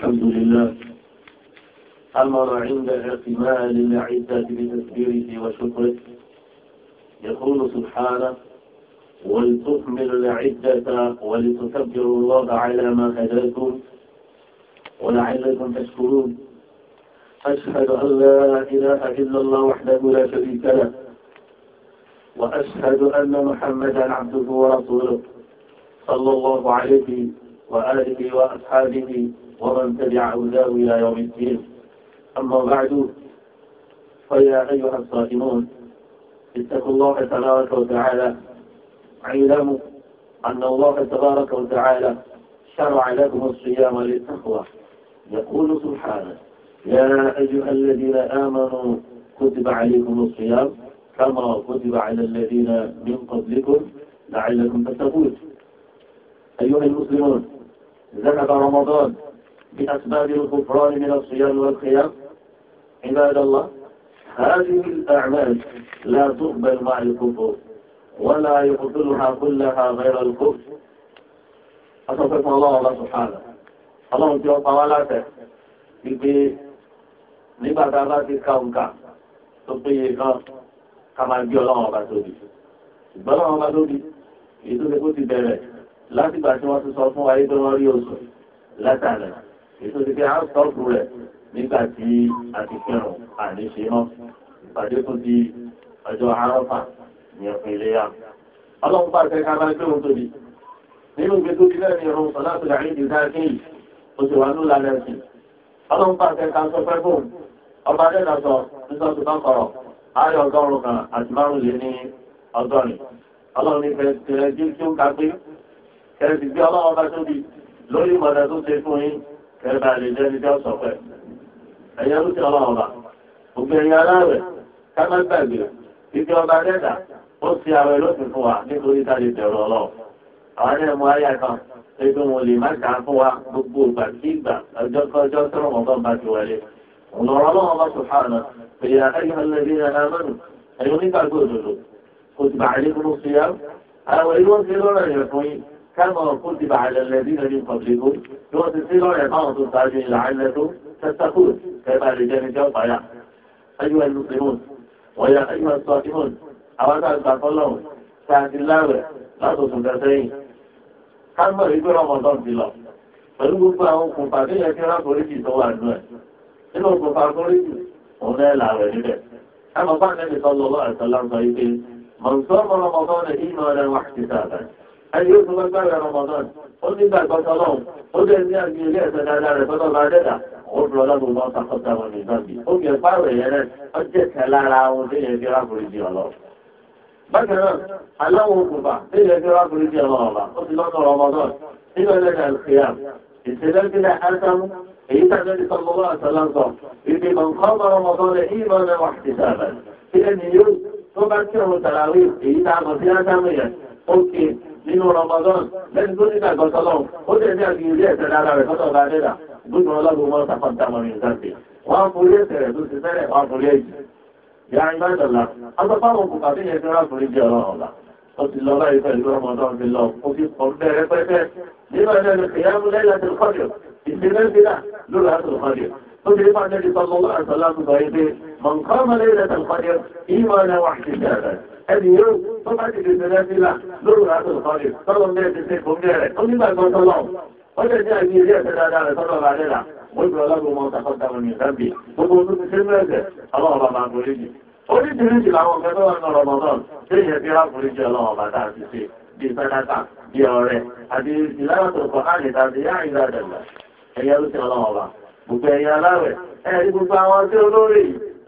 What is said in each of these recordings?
الحمد لله أمر عند اعتمال العدة بتكبيره وشكره يقول سبحانه ولتكمل العدة ولتكبروا الله على ما هداكم ولعلكم تشكرون أشهد أن لا إله إلا الله وحده لا شريك له وأشهد أن محمدا عبده ورسوله صلى الله عليه وآله وأصحابه ومن تبع هداه إلى يوم الدين أما بعد فيا أيها الصائمون اتقوا الله تبارك وتعالى اعلموا أن الله تبارك وتعالى شرع لكم الصيام للتقوى يقول سبحانه يا أيها الذين آمنوا كتب عليكم الصيام كما كتب على الذين من قبلكم لعلكم تتقون أيها المسلمون ذهب رمضان بأسباب الغفران من الصيام والقيام عباد الله هذه الأعمال لا تقبل مع الكفر ولا يقتلها كلها غير الكفر أصدق الله الله سبحانه الله في طوالاته في nígbà tá a bá ti ka òǹkà tó péye kan ká máa gbé ọlọ́run ọba tóbi ìgbà ọlọ́run ọba tóbi èyí tó ṣe kó ti bẹ̀rẹ̀ látìgbà tí wọ́n ti sọ fún wa yí pé wọ́n rí oṣù látàlẹ́ ètò ti fi ń sọ́ọ̀bù rẹ̀ nígbà a ti fẹ́ràn àníṣe náà ìpàdé tó di ọjọ́ arọ́fà ní ọ̀pìn iléyà. ọlọ́run pàṣẹ ká máa gbé ohun tóbi nínú ìgbé tó kílẹ̀ ní ọ̀run sọ̀lá tó dàrí ìdí dáa kéyì ó ti wà ní ìlànà ẹ̀sìn. ọlọ́run pàṣẹ ká sọ fẹ́ fóun ọba dẹ́nà sọ nígbà tó bá kọ̀rọ̀ ayọ̀ ọgọ́rùn kan àti márùn lé ní ọgọ́rin. ọlọ́run ní fẹ́ẹ́ kẹba lè jẹ́ níjọ́ sọ̀pẹ́ ẹ̀yẹ ló ti ọlọ́run bá gbogbo ẹ̀yìn aláàwẹ̀ kámá gbàgbé ibi ọba dẹ́dà ó ti àwẹ̀ lófin fún wa nítorí ká lè bẹ̀rù ọlọ́run àwọn ẹ̀rẹ́ mu ayé kan pé mo lè má kà á fún wa gbogbo ìgbà sí ìgbà ọjọ́ kọjọ́ tó rọ̀ mọ́tọ́ bá ti wọlé ọ̀nà ọlọ́run bá كما كتب على الذين من قبلكم يؤتسلوا عقامة التعجيل لعلكم تتقون كما رجال الجوفة يا أيها المسلمون ويا أيها الصائمون أولا تتقلون ساعة الله لا تسلسين كما يقول رمضان في الله pẹ̀lú gbogbo àwọn òkùnfà tó yẹ kí wọ́n forí sí ìtọ́wà nù ẹ̀ nínú òkùnfà forí sí òun náà là rẹ̀ níbẹ̀ ẹ mọ̀ bá nẹ́bí sọ́lọ́lọ́ àtọ́lá sọ ike mọ̀ ayé tó bá gbára Ramadan ó ní gbàgbọ́ sọlọ́run ó jẹ́ ní àgbẹ̀ ilé ẹ̀sẹ̀ dáadáa rẹ̀ fọ́tọ̀ bá dẹ́dà ó lọ lọ́dún lọ́n sàkọ́tà wọn ní zambia ó yẹ pààrọ̀ yẹn rẹ̀ ó jẹ́ tẹ̀ lára ohun tí yẹn fi rákùnrin di ọ̀lọ́. bákan náà aláwọ̀ òkùnfà tí yẹn fi rákùnrin di ọ̀lọ́ ọ̀la ó ti lọ́dún Ramadan nínú ẹlẹ́dà ìkìyàm ìṣẹ̀lẹ́gbẹ̀lẹ̀ ásámú èyí tàbí sọlọ́wọ́ àtàlánsọ ìdí kọ̀ọ̀kan Ramadan rẹ̀ ìmọ̀ rẹ̀ nínú Ramadan lẹ́yìn tó nígbà gbọ́sọ́lọ́hùn ó tẹ̀ ní àti ilé ẹ̀sẹ̀ dára rẹ̀ tọ́tọ̀ bá dẹ́dà gbogbo ọlọ́gbọ̀n mọ́ sàkọ́ńtà mọ́rin ìdáǹtì wọ́n fún ilé ẹ̀sẹ̀ rẹ̀ tó ti fẹ́rẹ̀ wọ́n fún ilé ẹ̀jì yà ń gbàdọ̀lá agbápáwọn kò kàfí yẹn fẹ́ràn fún ilé ọ̀rọ̀ ọ̀la ó ti lọ láyé pẹ̀lú Ramadan fi lọ ó fi pọ̀ bẹ́ẹ̀ rẹpẹtẹ nígbà náà ni kìyàmú lẹ́yìn àti kọ́dìọ̀ ìsinmi ń fi náà lórí àtòkọ́dìọ̀ ó ti rí pàtẹ́lì sọ́kọ́ àtọ́lá من قام ليلة القدر إيمانا واحتسابا ẹni yóò tó bá ti dèdè lẹ́sílá lórí àtò ìkọlù tọ́lọ mẹ́rin ti fún mẹ́rẹ̀ ó nígbà tó tọ́lọ ó lè ní àìní ilé ẹ̀sẹ̀ dáadáa rẹ̀ tọ́lọ rà lẹ́la ó jù ọlọ́gbọ̀n mọ́ tàkọ́ta wọn ní ìsábì gbogbo tó ti ṣe mẹ́rẹ̀ ọlọ́ọ̀bà máa borí jù oríṣiríṣi làwọn ọ̀gá tó wà ní ọ̀rọ̀ mọ́tọ́n tí ìyẹn fi rá borí jù ọlọ́ọ̀bà tá a ti ṣe bí sádátà bí ọ̀rẹ́ àti ìlànà kọ̀ á lè tàbí yá ìlàdàlà ẹ̀yẹ ló ti ọlọ́ọ̀bà gbogbo ẹ̀yẹ aláwẹ̀ ẹ̀rí gbogbo àwọn tí olórí yìí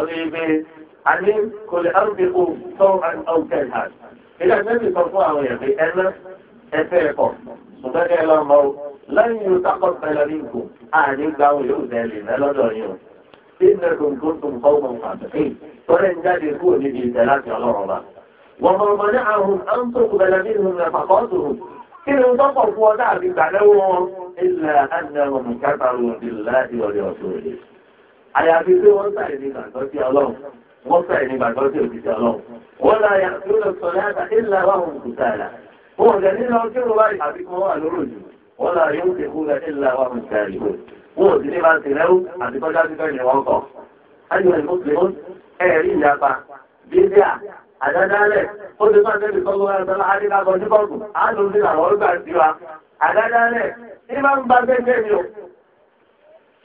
ọ̀rẹ́gbẹ́ alẹ́ kò lè ọ̀rẹ́gbẹ́ kò tọ́ ọ̀gẹ́ hàn. ilé ẹgbẹ́ mi sọ fún àwọn èèyàn pé ẹná ẹfẹ́ ẹ̀kọ́ ṣùgbọ́n kẹ́ ẹ lọ mọ o lẹ́yìn yóò takọ́ pẹ̀lẹ́ ní ìgò àní gba àwọn yóò bẹ̀ẹ́ lè lẹ́ lọ́dọ̀ yìí o. bí mẹ́rin tó tó ń kọ́ wọn pàtàkì tọ́lẹ̀ ń jáde kúrò níbi ìtẹ̀ láti ọlọ́run bá. wọ́n mọ̀ mọ́ àrùn àǹtòkù pẹ̀lẹ́ ní ìhun rẹ̀ pàkọ́tù kí ni wọ́n pọ̀ fún ọ àyàfi pé wọ́n sàì ní gbàgbọ́ sí ọlọ́run wọ́n sàì ní gbàgbọ́ sí òṣìṣẹ́ ọlọ́run wọ́n la yà tó lọ sọ láta ìlà wàhùn kùtà là wọ́n jẹ́ nínú ọjọ́ ìwà àbí kan wà lóró jù wọ́n la yóò ṣe kú lọ ìlà wàhùn kùtà rì wọ́n ò sí ní bá ti rẹ́rú àti kọjá sí bẹ́ẹ̀ ni wọ́n kọ́ ayọ̀ ìmọ̀sílẹ̀ ẹ̀rí ìyapa bíbíà àdádálẹ̀ ó ti máa tẹ́lẹ̀ sọ́gbọ́n ẹ̀sọ́lá adílábọ̀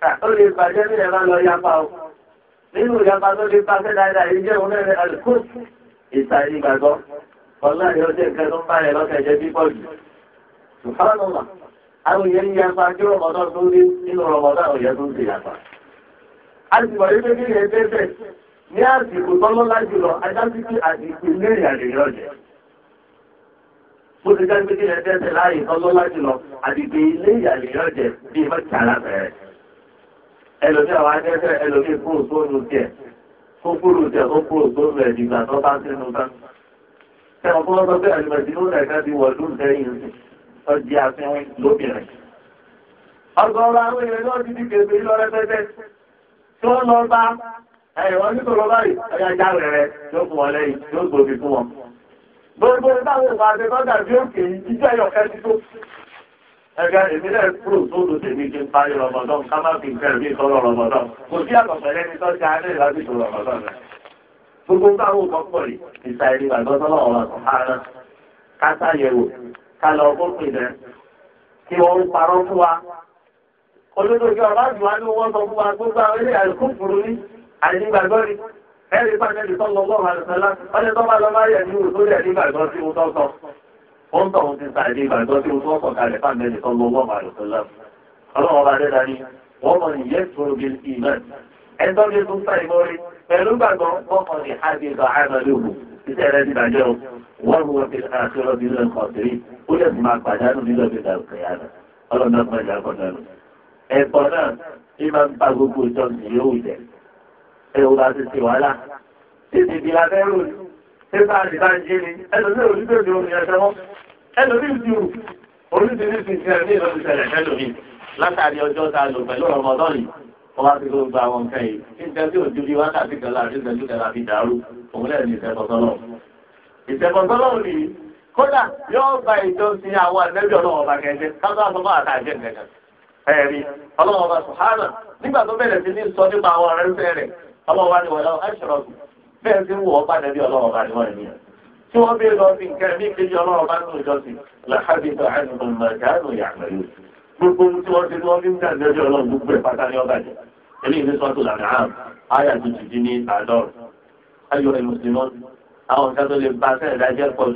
ó lè bàjẹ́ ní ẹ̀rọ lọ yapa o nínú ìyapa tó lè pàṣẹ dáadáa yìí jẹ́ òun lẹ́rẹ̀ àlùkò ìta ìgbàgbọ́ ọ̀la ni ó jẹ́ nǹkan tó ń bá rẹ̀ lọ́kẹ̀ jẹ́ bí pọ̀jù ṣùgbọ́n àwọn èèyàn ń yapa kí rọmọdọ́ tó rí nínú rọmọdọ́ àwọn èèyàn tó ń ṣe yapa. a ti wọ̀ ní pé kí ilẹ̀ bẹ́ẹ̀ ní àsìkò tọ́lọ́lá jùlọ ajásíkí àsìkò ilé ìrìnàjò kí ilẹ̀ bẹ́ẹ̀ láàyè tọ́lọ́lá jùlọ àdìgbè ilé ẹlòmí àwọn akẹ́kẹ́ ẹlòmí kúrò sóònù tiẹ̀ tó kúrò tiẹ̀ tó kúrò sóònù ẹ̀ dìgbà tó bá sínú bá. ṣé ọkọ lọ́sọ pé àlùmọ̀tì ló rẹ̀ káàdì wọ̀ lóun sẹ́yìn ọdí àfihàn lóbìnrin. ọgọ́ ọba àwọn èèyàn náà ti di kèbè lọ lọ bá ẹ̀wọ̀n nítorọ̀ báyìí ọjà ẹgbẹ́ ìbílẹ̀ kúrò tó lò tèmi kí parí rọmọdán ká má fi nǹkan ìbí sọ́rọ̀ rọmọdán kò sí àtọ̀fẹ́ lẹ́ni tó ṣe alẹ́ láti sọ rọmọdán rẹ̀. gbogbo táwọn kan pọ̀ rí ìta ìlú àgbọ̀tọ́ náà wà sùn ara ká ṣàyẹ̀wò ká lọ kó pè dẹ́ kí wọ́n ń parọ́ fún wa. olódodo ọba jù wá ní wọ́n sọ fún wa gbogbo àwọn ilé àìkúfùrú ní àìnígbàgbọ́ ni ẹ̀rí pàṣẹ ìtọ́lọ́gbọ́n ó ń tọ̀hún ti sàdé ìgbàgbọ́ tí ó tọ́kọ̀ kalẹ̀ fáàmẹ́lì tó lọ́wọ́ màlúkọ́lá ọlọ́wọ́ bá dẹ́ra ní wọ́n mọ̀ ní yẹ́ tó bí ìmọ̀ ẹ̀tọ́ bí tó sáré mọ́rí pẹ̀lú gbàgbọ́ wọ́n ní àbíbà àmàlùkù iṣẹ́ rẹ̀ ti bàjẹ́ o wọ́n mú wọn fi àṣírọ́ bí lọ́n kọ̀ọ̀tìrí ó yẹ kó máa pàdánù bí lọ́n fi dà pépà látàrí ọjọ́ tá a lò pẹ̀lú ọmọdọ́n yìí wọ́n wá sí gbogbo àwọn nǹkan yìí níṣẹ́ tí òjú bí wákàtí kan láàrin ìṣẹ́jú kan láfi dàrú òun lẹ́yìn ìṣẹ́kọ̀sọ́lọ́ ìṣẹ́kọ̀sọ́lọ́ ni kódà yóò gba ìjọsìn àwọn àtẹ́bí ọlọ́wọ́ bá kẹ́jẹ́ kábà tó bá àtàjẹ́ nìkan ẹ̀rí ọlọ́wọ́ bá sùhánà nígbà tó bẹ̀rẹ̀ sí ní sọ nípa àwọn ọ̀rẹ́ bẹ́ẹ̀ ti ń wọ̀ ọ́ bá nẹ́bí ọlọ́run bá ní wọ́n tí wọ́n bẹ́ẹ̀ lọ sí nǹkan mí kejì ọlọ́run bá nù ìjọsìn làhábì tó àìsàn màdánù yàgbẹ́yò gbogbo ohun tí wọ́n ti wọ́n fi ń dà nẹ́bí ọlọ́run gbogbo ẹ̀ pátá ní ọba jẹ eléyìí ní sọ́tò làdáhàm áyà tó ti di ní àádọ́rùn ayọ̀ ẹ̀ mùsùlùmọ́ àwọn nǹkan tó lè ba sẹ́ẹ̀ dájẹ́ pọ̀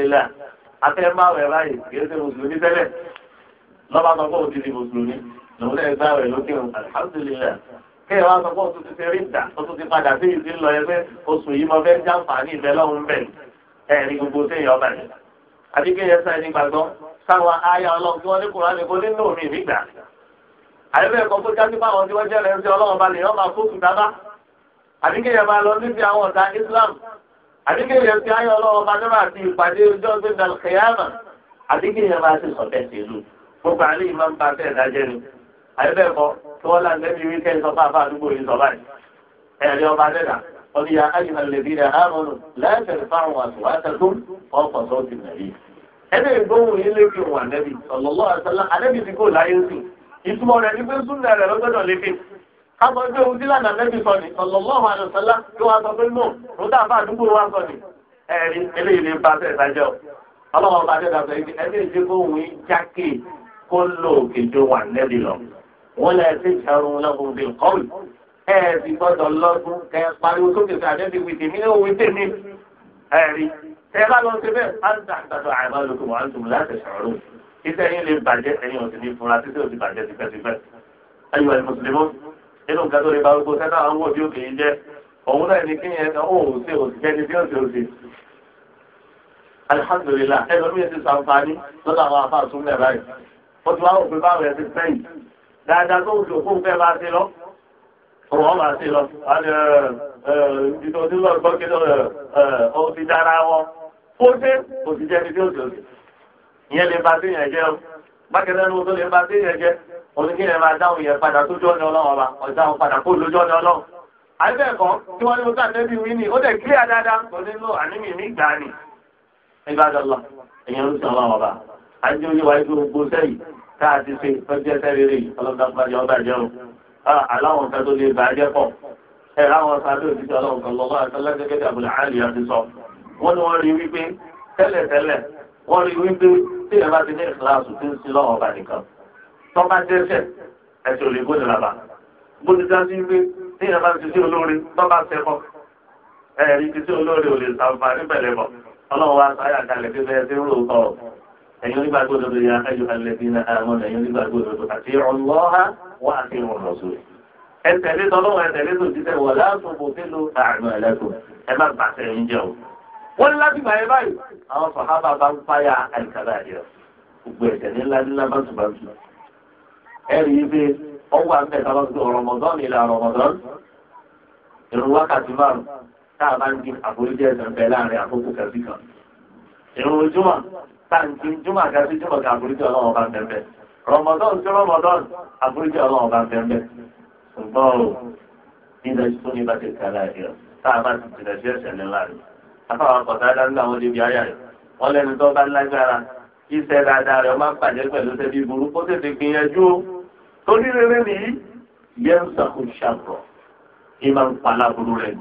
jọ afẹ́máwẹ̀ báyìí kìí ṣe mùsùlùmí tẹ́lẹ̀ lọ́ba sọ pé òtítì mùsùlùmí lòun lẹ́yìn gbáwẹ̀ lókè òun alihamudulilayi kéèyàn wá sọ pé òtún ti fi rí ìdá òtún ti padà sí ìdí lọ ẹgbẹ́ oṣù yìí mo fẹ́ jàǹfààní ìbẹ́ lọ́hùn bẹ́ẹ̀ ẹ̀rí gbogbo téèyàn ọba rẹ̀ àti kéèyàn sáyẹn ní gbàgbọ́ sáwọn aya ọlọ́run tí wọ́n ní kùrọ̀ ní kó nínú omi nígbà àyẹ̀bẹ̀ ẹ̀kọ́ tó jáde bá àwọn tí wọ́n jẹ́ rẹ̀ Islam àdígbé yẹn ti ayọ̀ ọlọ́wọ́ bàdébà àti ìpàdé ojú ọgbẹ́ dàlùkìyàmà àdígbé yẹn bá ti sọ̀tẹ́ tèlú gbogbo àlẹ́ yìí máa ń ba fẹ́ ìdájẹ́ ni àyẹ̀bẹ̀ kọ́ tí wọ́n láǹdẹ́ bí wíkẹ́ ìsọ̀fà àbá àdúgbò yìí sọ̀bà ẹ̀rí ọba dẹ́dà wọ́n ti ya ayọ̀ àlẹ́bí rẹ̀ hàmọ́nù láìpẹ̀rẹ̀ fáwọn àtúwátẹ́kùn ọkọ̀ sọ́ọ̀tì ti kò láyé kábọ̀ ojú ohun sílànà lẹ́bí sọ ni sallallahu alaihi wasallam tó wá sọ pé mò ń dà bá àdúgbò wa sọ ni ẹ̀rí eléyìí lè ba ṣe ìdájọ́ ọlọ́run ọba dẹ́gbà sọ ibi ẹni ìdí kó wí jákè kó lò kéjọ wà lẹ́bí lọ wọ́n lẹ́ sí ìṣàrùn lọ́kùn bí kọ́ọ̀lù ẹ̀ ti gbọ́dọ̀ lọ́dún kẹ́ pariwo sókè sí àdẹ́bí wìtì mí ó wí tèmi ẹ̀rí ẹ bá lọ sí bẹ́ẹ̀ á ń tà àtàtọ̀ bàjẹ́ ẹ̀yìn òsì ní fúnra títí òsì nínú nǹkan tó lè ba gbogbo sẹ́nà àwọn owó bí ó kìí jẹ́ òun náà ní kíyẹn náà ó ò ṣe òṣìṣẹ́ ní bí ó ṣe òṣì. alihamdulilah ẹnu mi ti sàǹfààní lọ́dọ̀ àwọn afá àtúntò ẹ̀ báyìí wọ́n ti wá òfin báwọn ẹ̀ ti sẹ́yìn dáadáa tó ń dòkó fẹ́ máa ṣe lọ òun ọ̀ máa ṣe lọ ìtòsí lọ gbọ́ kí ó ti dára wọn fóṣe òṣìṣẹ́ ní bí ó ṣe òṣì ìyẹn lè ba sí ìyẹn jẹ́ bákẹ́lẹ́ ní oṣù lè máa dé yẹn jẹ́ oníkí yẹn máa dáhùn yẹn padà tó jọ́ni ọlọ́run ọba ọ̀dáhùn padà kó lójọ́ ni ọlọ́run. àìbẹ̀ẹ̀kọ́ tí wọ́n ní mo sáré bí wí ni ó dẹ̀ kílíà dáadáa kò ní lò ànímì ní ìgbà ni. ìbádọ́lá èèyàn ń sàn ọlọ́run ọba àti oye wa ikú gbogbo sẹ́yìn tá a ti ṣe tọ́jú ẹsẹ̀ rere ọlọ́run tẹ́lẹ̀ tẹ́lẹ̀ wọ́n rí wípé tí ẹ bá ti ní ìkíláàsù tí ń sin lọ́wọ́ ọba nìkan tó bá dẹ́sẹ̀ ẹ̀sìn òlè gbóni làbà gbóni dá sí wípé tí ẹ bá ti sí olóore tó bá sẹ́kọ̀ ẹ̀rí ti sí olóore ò lè sàǹfààní pẹ̀lẹ́ bọ̀ ọlọ́run wa sáyà kalẹ̀ pé bẹ́ẹ̀ ti ń rò kọ́ ẹ̀yin onígbàgbọ́ dodo ya ayọ̀ alẹ́bí na àwọn ẹ̀yin onígbàgbọ́ dodo tó ti tẹ̀ wọ́n ní láti gbà yẹn báyìí àwọn sọ̀hábà bá ń fáyà àìkàrà rẹ̀ gbogbo ẹ̀sẹ̀ nílá nílá báṣubáṣu ẹ̀rí ife ọwọ́ àmì ẹ̀ka bá gbogbo rọmọdán ìlà rọmọdán ìrun wákàtí márùn a bá ń di àforíjì ẹ̀sẹ̀ ń bẹ láàrin àkókò kẹsì kan ìrun ojúmọ̀ táǹkì júmọ̀ kẹsì júmọ̀ kẹ àforíjì ọlọ́wọ́ bá ń bẹ rọmọdán sí rọmọdán àforíjì ọlọ́wọ́ bá ń bẹ ṣùgbọ́n o nígbà tí tó ní bá ti kàlà ẹ̀rọ táà bá ti afáwọn kọ̀tàdá ńlá wọn níbi ayá rẹ̀ wọ́n lẹ́nu tó bá lágbára kí iṣẹ́ dáadáa rẹ̀ ọmọ pàdé pẹ̀lú ṣẹ́bí burú kó tètè gbìyànjú o tó ní rere nìyí yẹ ń sàkó ṣàbọ̀ kí máa ń pa láburú rẹ̀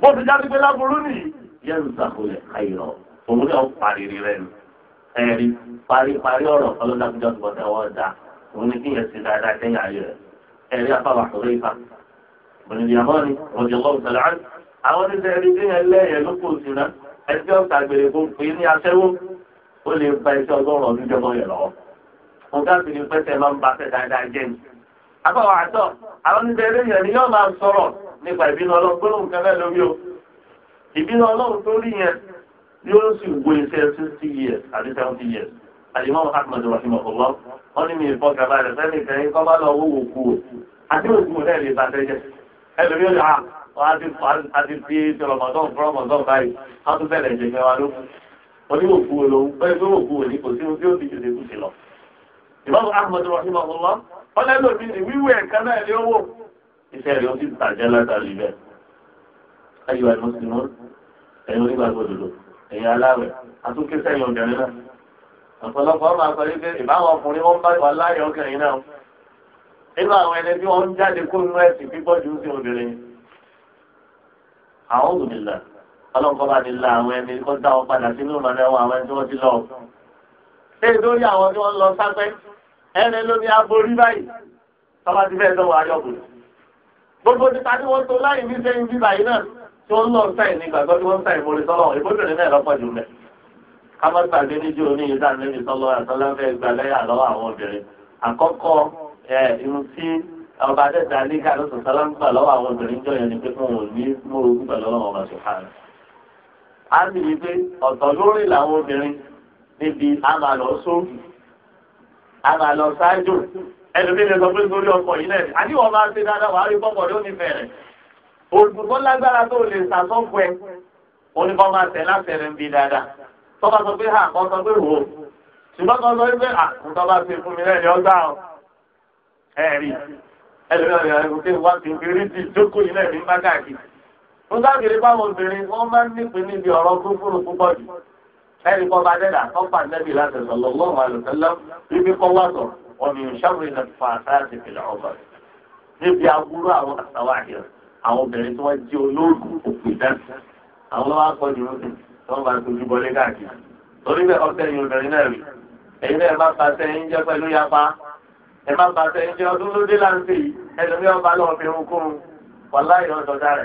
bó ti jáde pé láburú nìyí yẹ ń sàkó lẹ̀ káyọ̀ òun náà parí rẹ̀ nù ẹ̀rí ní kí yẹn ti dáadáa kẹ́yìn ayé rẹ̀ ẹ̀rí afáwọn àtọ̀rẹ́ ìfà òun àwọn ti sẹ́ni tí yẹn lẹ́yìn ló kò sí ná ẹjọ́ ìtàgbèrè kò pè ní aṣẹ́wó ó lè ba iṣẹ́ ọgọ́rùn ọdún jọmọ yẹn lọ́wọ́. mo gáàsì ní pẹ́sẹ̀ máa ń ba fẹ́ dáadáa jẹ́ ni. àbáwọ̀ àtọ̀ àwọn ti sẹ́ni yẹn ni yóò máa sọ̀rọ̀ nípa ìbínú ọlọ́run gbólóhùn kẹ́fẹ́ lórí o. ìbínú ọlọ́run tó rí yẹn yóò sì wo iṣẹ́ sixty years àti seventy years. àdìmọ́ ahmed rahimahullah wọ́n ní mi ìfọ̀kàbalẹ̀ fẹ́ẹ́ wọ́n á ti fà á ti fi tọrọmọdọ́n fọrọmọdọ́n báyìí á tún bẹ̀rẹ̀ jẹ̀gbẹ́ wa ló oníwòkú wo lòun bẹ́ẹ̀ pé wòkú wo ni kò sí ohun tí ó ti jòdè kùsì lọ. ìbáwọ̀ ahmed rahim ọ̀húnlọ́ ọlẹ́lò mi ni wíwẹ̀ ẹ̀ka náà ní owó iṣẹ́ rẹ̀ ó ti tàjẹ́ látàrí bẹ́ẹ̀. ayọ̀ àìmọ́ sí mọ́ ẹ̀yin onígbàgbọ́ òdòdó ẹ̀yin aláwẹ̀ àtúnkẹ́ sẹ́yìn obìnrin náà. ọ̀pọ̀lọpọ̀ máa sọ wípé ìbáwọn ọkùnrin wọn bá wà láyọ̀ ọkùnrin náà nínú àwọn ẹni tí wọ́n ń jáde kó nínú ẹ̀sìn gbígbọ́ ju sí obìnrin àwọn òmìnira ọlọ́nkọ́ bá ti la àwọn ẹni kó dá wọn padà sínú ìmọ̀lẹ́ ẹ̀wọ̀n àwọn ẹni tí wọ́n ti lọ. ṣé lórí àwọn tí wọ́n lọ sápẹ́ ẹni lómi aborí báyìí tọ́ba ti fẹ́ dánwò ayọ̀bù. gbogbo ti ta ni wọ́n tó láì ní sẹ́yìn bíbá yìí náà tí wọ́n lọ sáì ní gbàgbọ́ tí wọ́n sáì mórí sọ́lọ́ ìbóbìnrin náà lọ́pọ̀ jù mẹ́. kámọ́tàgbé níjú oní ìdánilẹ́yìn sọ́lọ́ àtọ́lá àwọn bá dẹ́ta ní káàdó tó sálá ń gbà lọ́wọ́ àwọn obìnrin jọ yẹn ni pé fún òun ní mórogún pẹ̀lú ọlọ́wọ́ ọba ṣùgbọ́n. a sì rí i pé ọ̀tọ̀ lórí làwọn obìnrin níbi a máa lọ sóògùn a máa lọ ṣáájú ẹlòmí lè sọ pé sórí ọkọ̀ yìí náà àti wọ́n máa ṣe dáadáa wàá rí pọ́pọ̀ ló ní fẹ̀rẹ̀. òògùn tó lágbára tó lè ṣàtọ́kù ẹ ẹlòmíràn ẹni kọ́ bá dẹ́dà kọ́ bá nẹ́bí láti sọ̀lọ́ lọ́wọ́ àlùfẹ́lẹ́ bíbí kọ́ wá sọ̀ ọ̀nà ìṣàwé náà fà sáàtì fìlà ọ̀bà níbi agbúrú àwọn àtàwárí àwọn obìnrin tí wọ́n jí olóògùn òkú ìdánsì àwọn lọ́wọ́ akọ́jú rúbì tí wọ́n bá tójú bọlé káàkiri torí bẹ́ẹ̀ ọ̀sẹ̀ yìí obìnrin náà rí pa ẹ má bàa sẹ ẹjẹ ọdún lóde là ń sè yìí ẹlòmí ọba lọ fi hun kún un wàláyé ọdọdà rẹ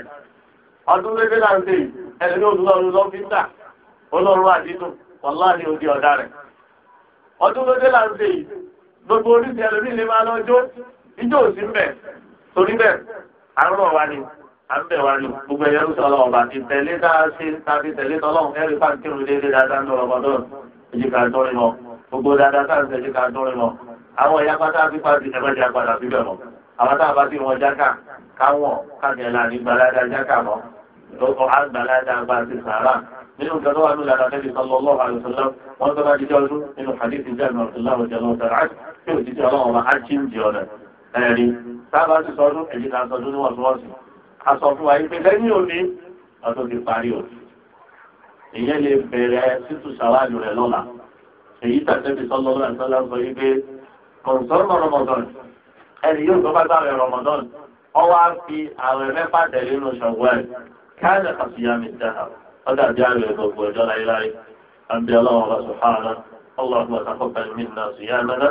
ọdún lóde là ń sè yìí ẹlòmí olùlọrun lọ fi tà olórun àdídùn wàláyé òdi ọdà rẹ ọdún lóde là ń sè yìí gbogbo oríṣi ẹlòmí lè máa lọ jó ijó òsì ń bẹ torí bẹ àárọ̀ wa ni à ń bẹ wa ni gbogbo ẹyẹ ń sọlọ ọba ti tẹ̀lé dáa sí tàbí tẹ̀lé tọlọ́run àwọn ẹ̀yà pátá fífa ti ẹ̀mẹ́jà padà síbẹ̀ mọ́ àwọn tá a bá ti wọn jáká káwọn kájẹ̀lá ní gbalada jáká mọ́ lọ́kọ̀ á gbalada gba ti sàárà nínú nǹkan tó wà ní ìlànà tẹ́lẹ̀ sọ́lọ́ ọlọ́run àlùsọ́lá wọn tó bá jíjẹ́ ọdún nínú hadithi jẹ́ ọ̀nà ọ̀sọ́lá ọ̀jẹ̀ lọ́sọ̀rọ̀ tí ò jíjẹ́ ọlọ́run ọba á jí ń jẹ ọ̀nà ẹ̀rí sábà ti sọdún èyí ta sọdún níwọ̀ntúnwọ̀nsì a sọ fún wa yìí pé lẹ́yìn òní ọtún kọ̀ǹsọ́nù rọmọdọ́n ẹni yóò tó bá gbà rẹ rọmọdọ́n ọwọ́ á fi àwẹ̀ mẹ́fà tẹ̀lé inú ṣọ̀gbọ́n káàdà kàṣíyàmì dáhà ọ̀dà bí àwẹ̀ gbogbo ẹ̀dọ́ láyéláyé àbí ọlọ́run ọba sùhánà اللهم تقبل منا صيامنا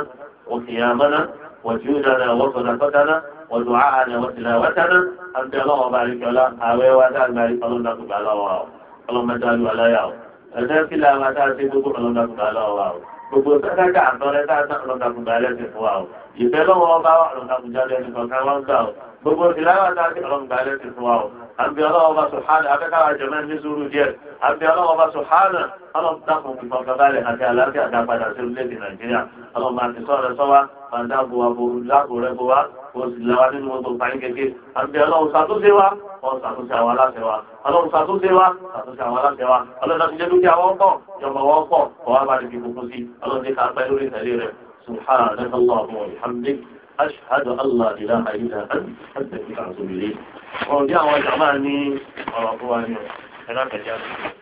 وقيامنا وجودنا وصدقتنا ودعاءنا وتلاوتنا أنت اللهم بارك لنا أوي وتعال بارك لنا تقبل الله اللهم اجعل ولاياه أنت كلا ما تعطي تقبل لنا تقبل الله gbogbo sẹ́kẹ́kẹ́ àtọ́rẹ́ tá a sọ̀rọ̀ dàkúndà lẹ́sìn fún wa o ìfẹ́ lọ́wọ́ ọba wà lọ́dàkúndà lẹ́sìn kọ̀ọ̀kan wọ́n gbà o gbogbo ìlànà àti ọlọ́run gba ẹlẹ́sì fún wa o àbí ọlọ́wọ́ bá sùhánà afẹ́kára jẹ̀mọ́ ní sùúrù díẹ̀ àbí ọlọ́wọ́ bá sùhánà ọlọ́run dákun ìfọ̀kànbalẹ̀ àti àlàáfíà dápadà sí orílẹ̀-èdè nàìjíríà ọlọ́run máa ti sọ̀rọ̀ sọ́wá máa dáàbò wa bo láàbò rẹ bo wa o sì làwa nínú gbogbo pàyín kéke àbí ọlọ́run ṣàtúnṣe wa ọ̀ ṣàtúnṣe àwọn aláṣẹ wa ọlọ́run ṣàtúnṣe wa ṣàtúnṣe àwọn aláṣẹ wa ọlọ́run ti jẹ́ dúkìá wọ́n pọ̀ ìjọba wọ́n pọ̀ ọ̀wá bá ti fi kúkú sí ọlọ́run ti ká pẹ́ lórí ìtẹ̀lé rẹ̀ subhanahu wa ta'ala wa bihamdihi. أشهد الله إله إلا أنت حتى في أعزم إليه ورجع وجع معني ورقواني هناك جانب